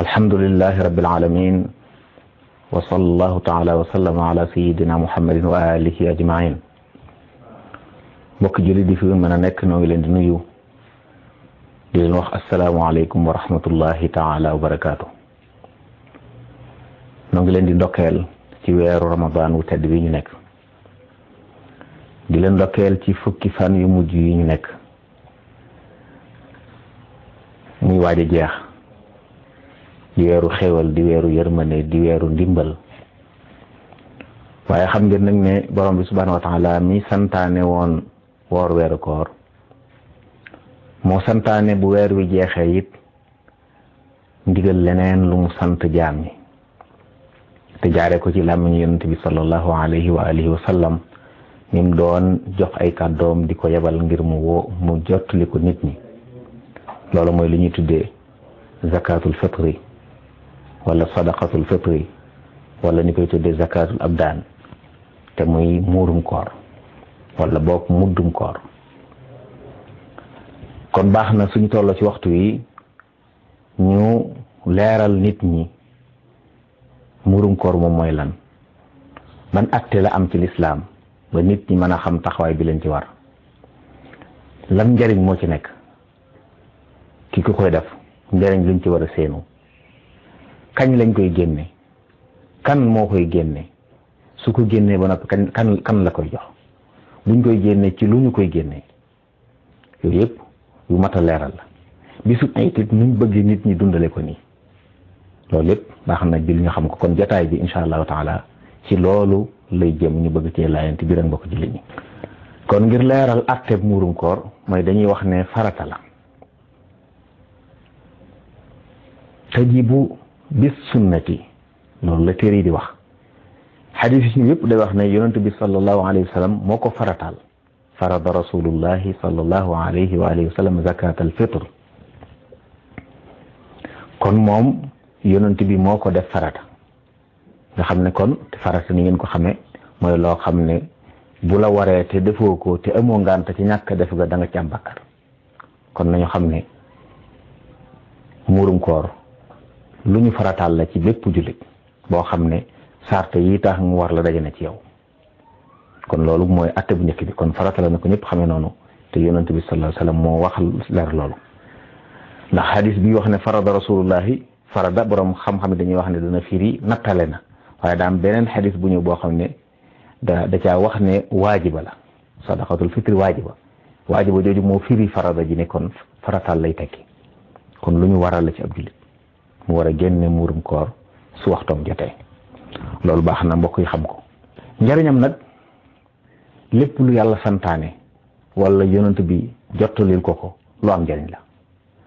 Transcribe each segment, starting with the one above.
alhamdulilahi rabil alamin wa sallallahu taala wa sallama ala sayidina muhammadin wa alihi ajmain mbokk jullit di fi mën a nekk noo ngi leen di nuyu di leen wax asalaamualeykum wa rahmatullahi taala wa barakaatu noo ngi leen di ndokkeel ci weeru ramadan wu tedd bi ñu nekk di leen ndokkeel ci fukki fan yu mujj yi ñu nekk muy waaj a jeex di weeru xewal di weeru yërmande di weeru ndimbal waaye xam ngeen nag ne borom bi subhaanahu wa taala mi santaane woon woor weeru koor moo santaane bu weer wi jeexee it ndigal leneen lu mu sant jaam yi te jaare ko ci làmmiñu yonent bi sallallahu alayhi wa alihi wa sallam mim doon jox ay kàddoom di ko yebal ngir mu woo mu jottali ko nit ñi loolu mooy lu ñuy tudde zakatul fitri wala sadaqatul fitri wala ni koy tuddee zakatul abdaan te muy muurum koor wala bokk muddum koor kon baax na suñu tolloo ci waxtu yi ñu leeral nit ñi muurum koor moom mooy lan ban acte la am ci lislaam ba nit ñi mën a xam taxawaay bi leen ci war lan njëriñ moo ci nekk ki ku koy def njëriñ luñ ci war a séenu kañ lañ koy génne kan moo koy génne su ko génnee ba noppi kan kan kan la koy jox buñ koy génnee ci lu ñu koy génnee yooyu yëpp yu mat a leeral la bisu ayit it nuñ bëggee nit ñi dundale ko nii loolu yëpp baax na bi ñu xam ko kon jataay bi incha allahu taala ci loolu lay jëm ñu bëgg cee laayante biir ak ko jullit ñi kon ngir leeral àtteeb muurum koor mooy dañuy wax ne farata la tajibu bis sunnati loolu la téere yi di wax xadis yi yëpp day wax na yonent bi sallallahu alayhi wa sallam moo ko farataal farada rasulullahi sallallahu alayhi wa alihi wa sallam zakat al fitr kon moom yonent bi moo ko def farata nga xam ne kon farata ni ngeen ko xamee mooy loo xam ne bu la waree te defoo ko te amoo ngànta ci ñàkk def ga da nga ci am bakkar kon nañu xam ne murum koor lu ñu farataal la ci bépp jullit boo xam ne sarte yi tax mu war la daje na ci yow kon loolu mooy atte bu njëkk bi kon farata la na ko ñëpp xamee noonu te yonent bi sallallahu alayhi wasallam moo wax leer loolu ndax hadis bi wax ne farada rasulullahi farada borom xam-xam dañuy wax ne dana firi nattale na waaye daan beneen hadis bu ñëw boo xam ne da da caa wax ne waajiba la sadaqatul fitri waajiba waajiba jooju moo firi farada ji ne kon farataal lay tekki kon lu ñu waral la ci ab jullit mu war a génne muurum koor su waxtoom jotee loolu baax na mbokk yi xam ko njariñam nag lépp lu yàlla santaane wala yonent bi jottalil ko ko lu am njariñ la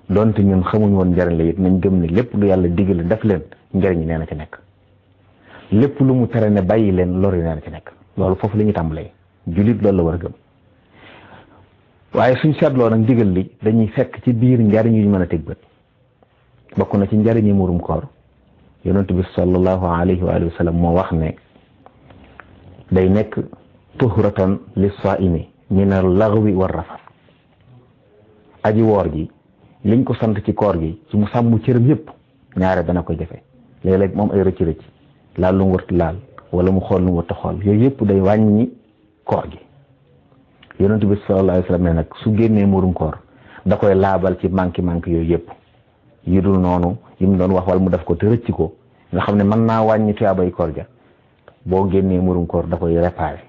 doonte ñun xamuñ woon njariñ la it nañ gëm ne lépp lu yàlla digale def leen njariñ nee na ci nekk lépp lu mu tere ne bàyyi leen lori nee ci nekk loolu foofu lañuy ñu tàmbalee jullit loolu la war a gëm waaye suñ seetloo nag digal li dañuy fekk ci biir njariñ yu ñu mën a teg bët bokk na ci njariñi murum koor yonent bi sallallahu alayhi wa sallam moo wax ne day nekk tuhratan li saimi min al lagwi war rafat aji woor gi liñ ko sant ci koor gi ci mu sàmm cëram yépp ñaare dana ko jafe léeg moom ay rëcc rëcc laal lu mu warta laal wala mu xool lu mu warta xool yooyu yépp day wàññi koor gi yonent bi sallallahu alayhi wa sallam ne nag su génnee mburum koor da koy laabal ci manki manki yooyu yépp yi dul noonu yi mu doon wax wala mu def ko te rëcc ko nga xam ne man naa wàññi tuyaabay koor ja boo génnee murum koor da koy réparé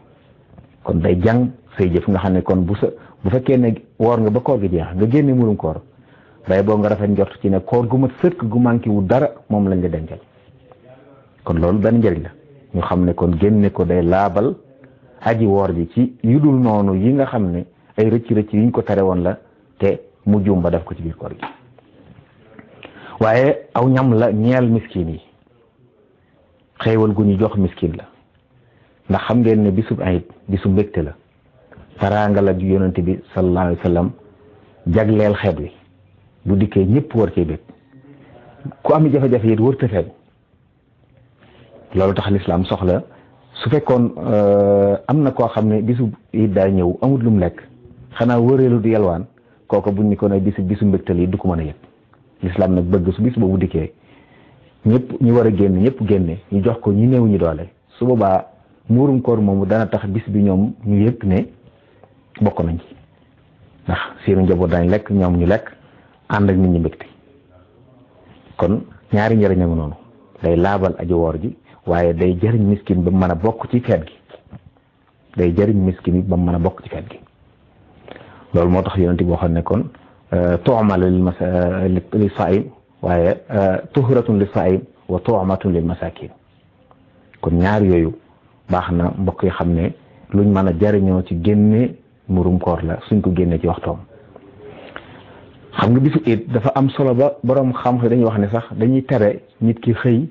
kon day jàng say jëf nga xam ne kon bu sa bu fekkee ne woor nga ba koor gi jeex nga génnee murum koor day boo nga rafet njort ci ne koor gu ma sëkk gu manqué wu dara moom lañ la dencal kon loolu benn njëriñ la ñu xam ne kon génne ko day laabal aji woor ji ci yu dul noonu yi nga xam ne ay rëcc rëcc yi ñu ko tere woon la te mu juum ba def ko ci biir gi waaye aw ñam la ñeel miskin yi xéewal gu ñu jox miskin la ndax xam ngeen ne bisub bisu mbégte la taraanga la ju yonente bi sallallahu alayhi jagleel xeet wi lu dikkee ñëpp war cee bég ku am jafe-jafe it wër loolu tax lislaam soxla su fekkoon euh, am na koo xam ne bisu it daa ñëw amut mu lekk xanaa wëreelu du yalwaan kooka buñ ni ko ne bisu bisu mbégtal yi du ko mën a yëg lislaam nag bëgg su bis boobu dikkee ñëpp ñu war a génn ñëpp génne ñu jox ko ñu néew ñu doole su boobaa muurum koor moomu dana tax bis bi ñoom ñu yëpp ne bokk nañ ci ndax seenu njaboot dañ lekk ñoom ñu lekk ànd ak nit ñi mbégte kon ñaari njariñam noonu day laabal aji woor gi waaye day jëriñ miskin ba mu mën a bokk ci feet gi day jëriñ miskin bi ba mu mën a bokk ci feet gi loolu moo tax yonent boo xam ne kon tu'mal li saa'im waaye tuhuratun li saa'im wa tu'matun lil masakin kon ñaar yooyu baax na mbokk yi xam ne luñ mën a jariñoo ci génne mburum koor la suñ ko génnee ci waxtoom xam nga bisu it dafa am solo ba boroom xam dañuy wax ne sax dañuy tere nit ki xëy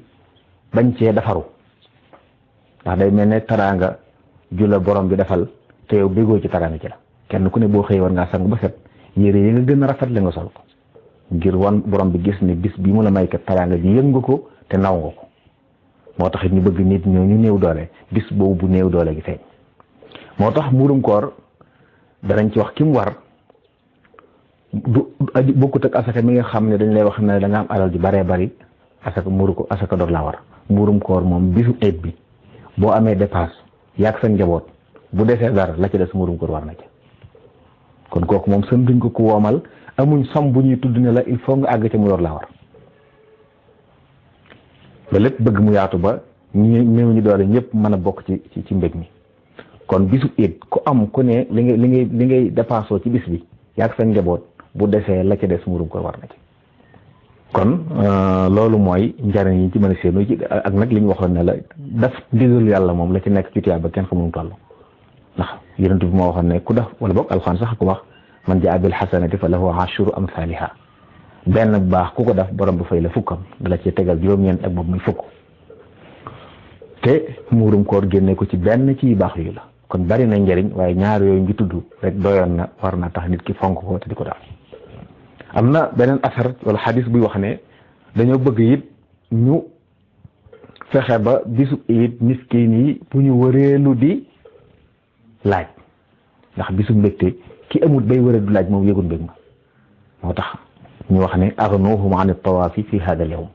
bañ cee defaru ndax day mel ne taraanga jula borom bi defal te yow bégoo ci taraanga ci la kenn ku ne boo xëy war ngaa sang ba set yére yi nga gën a rafet la nga sol ko ngir wan borom bi gis ni bis bi mu la may kat teraanga ji yëg nga ko te naw nga ko moo tax it ñu bëgg nit ñooñu néew doole bis boobu bu néew doole gi feeñ moo tax muurum koor danañ ci wax ki mu war du bokkut ak asaka mi nga xam ne dañ lay wax ne da nga am alal ju baree bari asaka muuru ko asaka door laa war muurum koor moom bisu eet bi boo amee dépense yàgg sa njaboot bu defee dara la ci des muurum koor war na ci kon kooku moom sën duñ ko ku woomal amuñ som bu ñuy tudd ne la il faut nga àgg ca mu door laa war ba lépp bëgg mu yaatu ba ñu néew ñu doole ñëpp mën a bokk ci ci ci mi kon bisu it ku am ku ne li ngay li ngay li ngay dépassoo ci bis bi yàgg sa njaboot bu desee la ca des murum ko war na ci kon euh, loolu mooy njariñ yi ci mën a séenoo ak nag li ñu waxoon ne la daf ndigal yàlla moom la ci nekk ci tuyaaba kenn xamul mu toll ndax yonent bi moo waxoon ne ku def wala boog alxuraan sax ku wax man jaa bil xasanati fa lahu ashru amthaliha benn baax ku ko def borom bu fay la fukkam dala ci tegal juróom-ñeent ak boobu muy fukk te muurum koor génne ko ci benn ci baax yu la kon bari na njariñ waaye ñaar yooyu ngi tudd rek doyoon na war na tax nit ki fonk ko te di ko daal am na beneen asar wala xadis buy wax ne dañoo bëgg yit ñu fexe ba bisu it miskin yi bu ñu wëreelu di laaj ndax bisu mbégte ki amul bay wara du laaj moom yëgul mbég ma moo tax ñu wax ne agnuhum an tawaafi fi hada al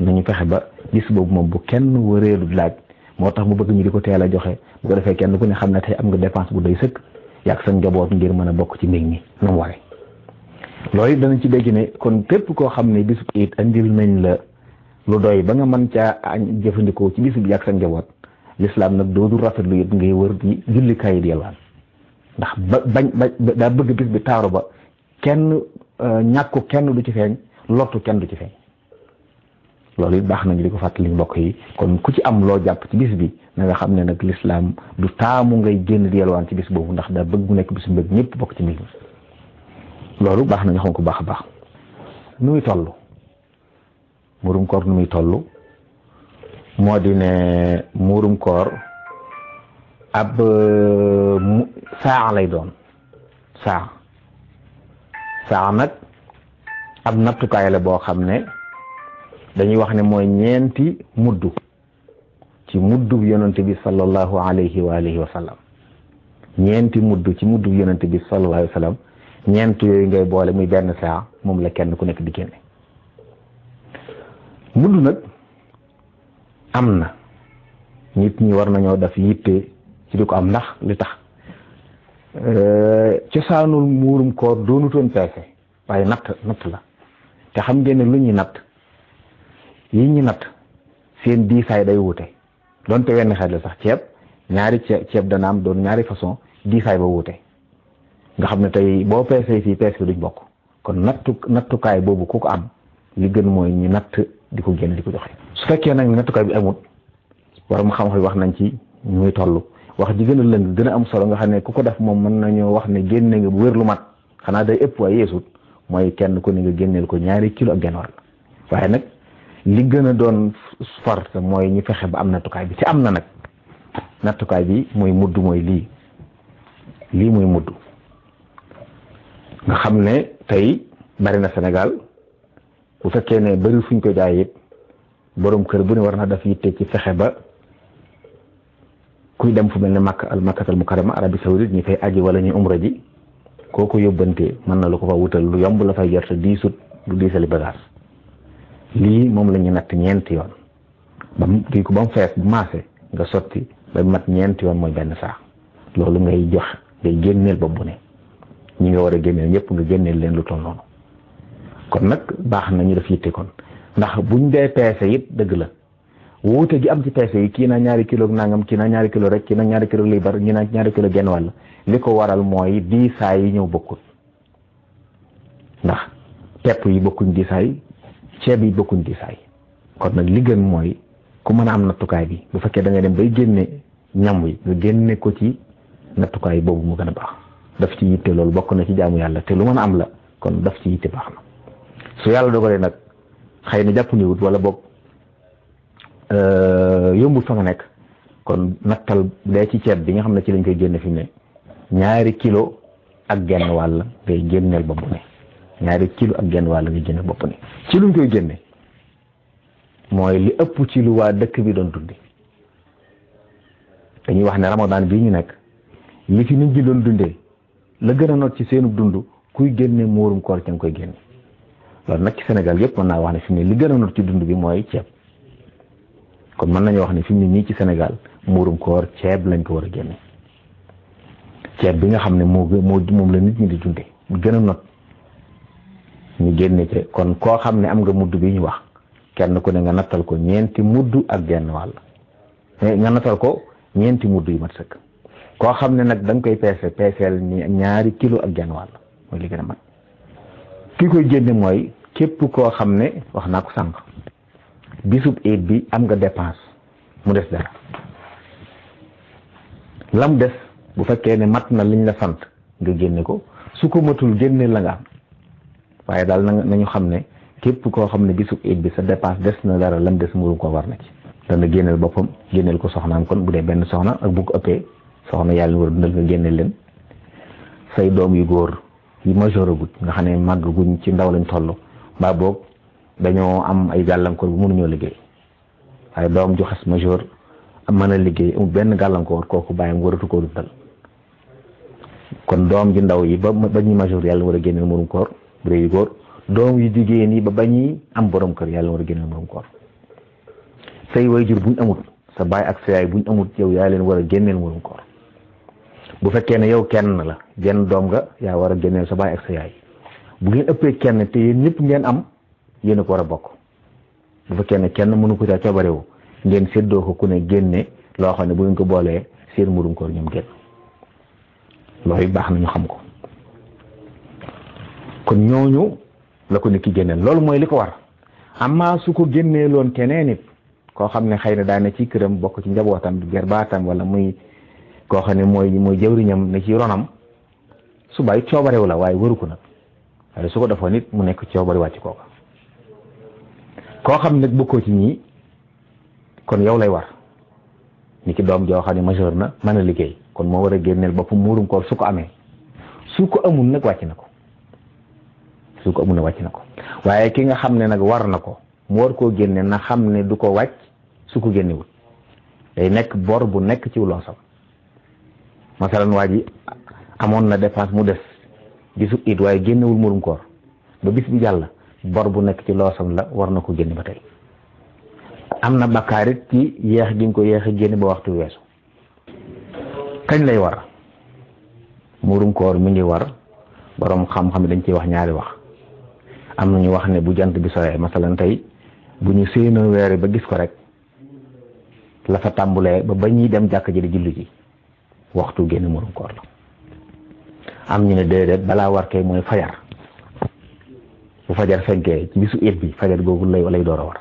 na ñu fexe ba bis boobu moom bu kenn wëreelu laaj moo tax mu bëgg ñu di ko teel a joxe bu ko defee kenn ku ne xam ne tey am nga dépense bu doy sëkk yàgg sa njaboot ngir mën a bokk ci mbég mi nu mu waree loolu danañ ci dégg ne kon képp koo xam ne bisu it andil nañ la lu doy ba nga mën ca añ jëfandikoo ci bisu bi yàgg sa njaboot lislaam nag dootul rafetlu it ngay wër di jullikaay di yalwaan ndax ba bañ ba daa bëgg bis bi taaru ba kenn euh, ñàkku kenn du ci feeñ lottu kenn du ci feeñ loolu it baax nañu di ko fàttali mbokk yi kon ku ci am loo jàpp ci bis bi na xam ne nag lislaam du taamu ngay génn di yalwaan ci bis boobu ndax daa bëgg mu nekk bisu mbëgg ñëpp bokk ci mbir mi loolu baax nañu xam ko baax baax nu muy toll murum koor nu muy toll moo di ne muurum koor ab euh, saax lay doon saax saax nag ab nattukaay la boo xam ne dañuy wax ne mooy ñeenti mudd ci muddu yonent bi sallallahu alayhi wa alihi wa sallam ñeenti mudd ci mudd yonent bi sallallahu alayhi wa sallam ñeent yooyu ngay boole muy benn saa moom la kenn ku nekk di génne muddu nag am na nit ñi war nañoo def yitte ci di ko am ndax li tax eh, cosaanul muurum koor doonutoon peese waaye natt natt la te xam ngeen lu ñuy natt yi ñi natt seen diisaay day wute doonte wenn xel la sax ceeb ñaari ceeb ceeb dana am doon ñaari façon diisaay ba wute nga xam ne tey boo peesee fii peese bi duñ bokk kon nattukaay boobu ku ko am li gën mooy ñu natt di ko génn di ko joxe su fekkee nag nattukaay bi amul borom xam-xam wax nañ ci muy toll wax ji gën a lëng gën a am solo nga xam ne ku ko def moom mën nañoo wax ne génne nga bu wér lu mat xanaa day ëpp waaye yeesut mooy kenn ku ne nga génneel ko ñaari kilo ak genn wàll waaye nag li gën a doon far mooy ñu fexe ba am nattukaay bi ci am na nag nattukaay bi mooy mudd mooy lii lii muy mudd nga xam ne tey bari na Sénégal bu fekkee ne bëri fuñ ko jaay it boroom kër bu ne war na daf yitte ci fexe ba kuy dem fu mel ne makka al makkatal mukarrama arabi saoudite ñi fay aji wala ñu umra ji kooku yóbbante mën na lu ko fa wutal lu yomb la fay jarte diisut du diisali bagage lii moom la ñu natt ñeenti yoon ba mu ko ba mu fees bu maase nga sotti ba mat ñeenti yoon mooy benn saa loolu ngay jox ngay génneel bopp bu ne ñi nga war a génneel ñëpp nga génneel leen lu toll noonu kon nag baax na ñu def yitte kon ndax bu buñ dee peese it dëgg la wuute gi am ci peese yi kii na ñaari kilo nangam kii na ñaari kilo rek kii na ñaari kilo liy bar ñi na ñaari kilo genn wàll li ko waral mooy diisaay yi ñëw bokkul ndax pepp yi bokkuñ diisaay ceeb yi bokkuñ diisaay kon nag li gën mooy ku mën a am nattukaay bi bu fekkee da ngay dem bay génne ñam wi nga génne ko ci nattukaay boobu mu gën a baax daf ci yitte loolu bokk na ci jaamu yàlla te lu mën a am la kon daf ci yitte baax su yàlla dogalee nag xëy na jàpp niwut wala boog euh, yombul fa ma nekk kon nattal day ci ceeb bi nga xam ne ci lañ koy génne fi mu ne ñaari kilo ak genn wàll ngay génneel bopp ne ñaari kilo ak genn wàll ngay génneel bopp ne ci luñ koy génne mooy li ëpp ci lu waa dëkk bi doon dundi dañuy wax ne ramadan bii ñu nekk li fi nit ñi doon dundee la gën a noot ci seenu dund kuy génne muurum koor ca nga koy génne loolu nag ci Sénégal yëpp mën naa wax ne fi mu ne li gën a nut ci dund bi mooy ceeb kon mën nañoo wax ne fi nii ci senegal muurum koor ceeb lañ ko war a génne ceeb bi nga xam ne moo moo moom la nit ñi di dunde gën a not ñu génne ci kon koo xam ne am nga mudd bi ñu wax kenn ku ne nga nattal ko ñeenti mudd ak genn wàll eh, nga nattal ko ñeenti mudd yu mat sëkk koo xam ne nag da nga koy peese peeseel ñaari kilo ak genn wàll mooy li gën a mat ki koy génne mooy képp koo xam ne wax naa ko sànq bisub eet bi am nga dépense mu des dara lam des bu fekkee ne mat na liñ la sant nga génne ko su ko matul génne la nga am waaye daal na nañu xam ne képp koo xam ne bisub eet bi sa dépense des na dara lam des muru ko war na ci dana génneel boppam génneel ko soxnaam kon bu dee benn soxna ak bu ko ëppee soxna yàlla ni war a dundal nga génne leen say doom yu góor ci majeur gut nga xam ne màgg guñ ci ndaw lañ toll mbaa boog dañoo am ay gàllankoor bu mënuñoo liggéey waaye doom ju xas majeur mën a liggéey amul benn gàllankoor kooku bàyyam waratu koo dundal kon doom ji ndaw yi ba ba ñuy majeur yàlla war a génneel murum koor bu dee yu doom yu jigéen yi ba ba am borom kër yàlla war a génneel murum koor say wayjur buñ amut sa baay ak sa buñ amut yow yaa leen war a génneel murum koor bu fekkee ne yow kenn la genn doom nga yaa war a génneel sa baay ak sa yaay bu ngeen ëppee kenn te yéen ñëpp ngeen am yéen ko war a bokk bu fekkee ne kenn mënu ko caa coobarewu ngeen seddoo ko ku ne génne loo xam ne bu ngeen ko boolee seen murum koor ñoom génn loolu baax na xam ko kon ñooñu la ko nit ki génneel loolu mooy li ko war amaa su ko génnee loon keneen it koo xam ne xëy na daane ci këram bokk ci njabootam di gerbaatam wala muy koo xam ne mooy mooy jawriñam ne ci ronam su bàyyi coobarew la waaye waru ko nag waaye su ko defoon nit mu nekk coobare wàcc kooka koo xam nag bokkoo ci ñii kon yow lay war ni ki doom joo xam ne majeur na man a liggéey kon moo war a génneel boppam muurum koor su ko amee su ko amul nag wàcc na ko su ko amul nag wàcc na ko waaye ki nga xam ne nag war na ko mu war koo génne na xam ne du ko wàcc su ko génnewul day nekk bor bu nekk ci losam masalan waa ji amoon na dépense mu des gisu it waaye génnewul murum koor ba bis bi jàll bor bu nekk ci loosam la war na ko génn ba tey am na bakkaar it ci yeex gi nga ko yeex a génn ba waxtu weesu kañ lay war murum koor mu ngi war borom xam-xam dañ ciy wax ñaari wax am na ñu wax ne bu jant bi sowee masalan tey bu ñu séenoo weer ba gis ko rek la fa tàmbulee ba ba ñuy dem jàkk ji di julli ji waxtu génn murum koor la am ñu ne déedéet balaa war kay mooy fajar bu fajar fenkee ci bisu it bi fajar googu lay lay door a war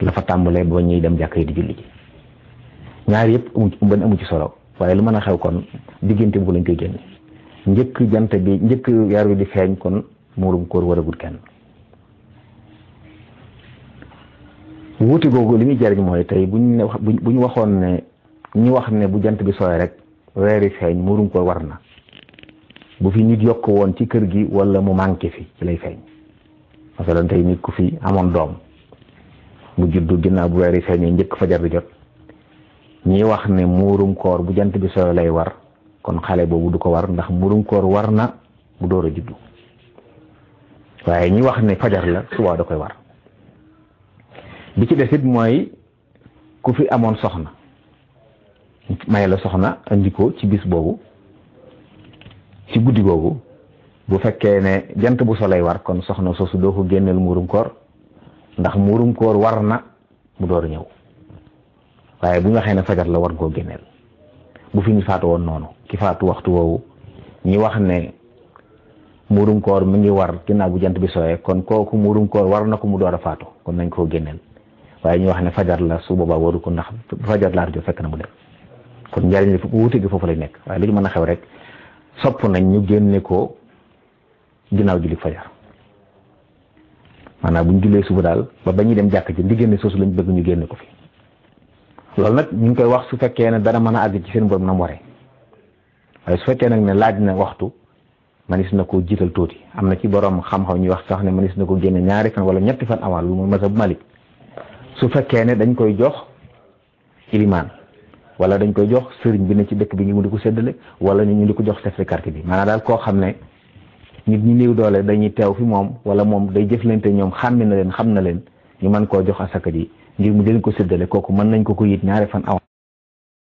la fa tàmbalee ba ñuy dem jàkk yi di julli ji ñaar yëpp amu ci benn amu ci solo waaye lu mën a xew kon diggante bu lañ koy génne njëkk jant bi njëkk weer wi di feeñ kon muurum koor waragul kenn wuute googu li muy jariñ mooy tey bu ñu ne bu ñu waxoon ne ñu wax ne bu jant bi sooy rek weeri feeñ murum koo war na bu fi nit yokk woon ci kër gi wala mu manqué fi ci lay feeñ masalan tey nit ku fi amoon doom mu juddu ginnaaw bu weeri feeñee njëkk fajar bi jot ñi wax ne muurum koor bu jant bi sooy lay war kon xale boobu du ko war ndax muurum koor war na mu door a juddu waaye ñi wax ne fajar la suba da koy war bi ci des mooy ku fi amoon soxna may la soxna andi ko ci bis boobu ci guddi googu bu fekkee ne jant bu soley war kon soxna soosu doo ko génneel muurum ndax muurum koor war na mu door ñëw waaye bu nga ne fajar la war koo génneel bu fi ñu faatu woon noonu ki faatu waxtu woowu ñi wax ne muurum koor mi ngi war ginnaaw bu jant bi sooyee kon kooku muurum koor war na ko mu door a faatu kon nañ koo génneel waaye ñu wax ne fajar la su boobaa waru ko ndax fajar laa jo fekk na mu dem kon njariñ li wuute gi foofu lay nekk waaye lu ñu mën a xew rek sopp nañ ñu génne ko ginnaaw julli fajar maanaam bu ñu jullee suba daal ba ba ñuy dem jàkk ci ndiggéene soosu lañ bëgg ñu génne ko fi loolu nag ñu ngi koy wax su fekkee ne dana mën a àgg ci seen borom na mu waaye su fekkee nag ne laaj na waxtu manis na koo jiital tuuti am na ci boroom xam-xam ñuy wax sax ne manis na ko génne ñaari fan wala ñetti fan avant lu mooy mazhab mali su fekkee ne dañ koy jox ilimaan wala dañ koy jox sëriñ bi ne ci dëkk bi ñu di ko séddale wala ñu di ko jox chef de bi maanaam daal koo xam ne nit ñu niw doole dañuy teew fi moom wala moom day jëflante ñoom xàmmi na leen xam na leen ñu mën koo jox asaka ji ngir mu jëliñ ko séddale kooku mën nañ ko ko yit ñaare fan aw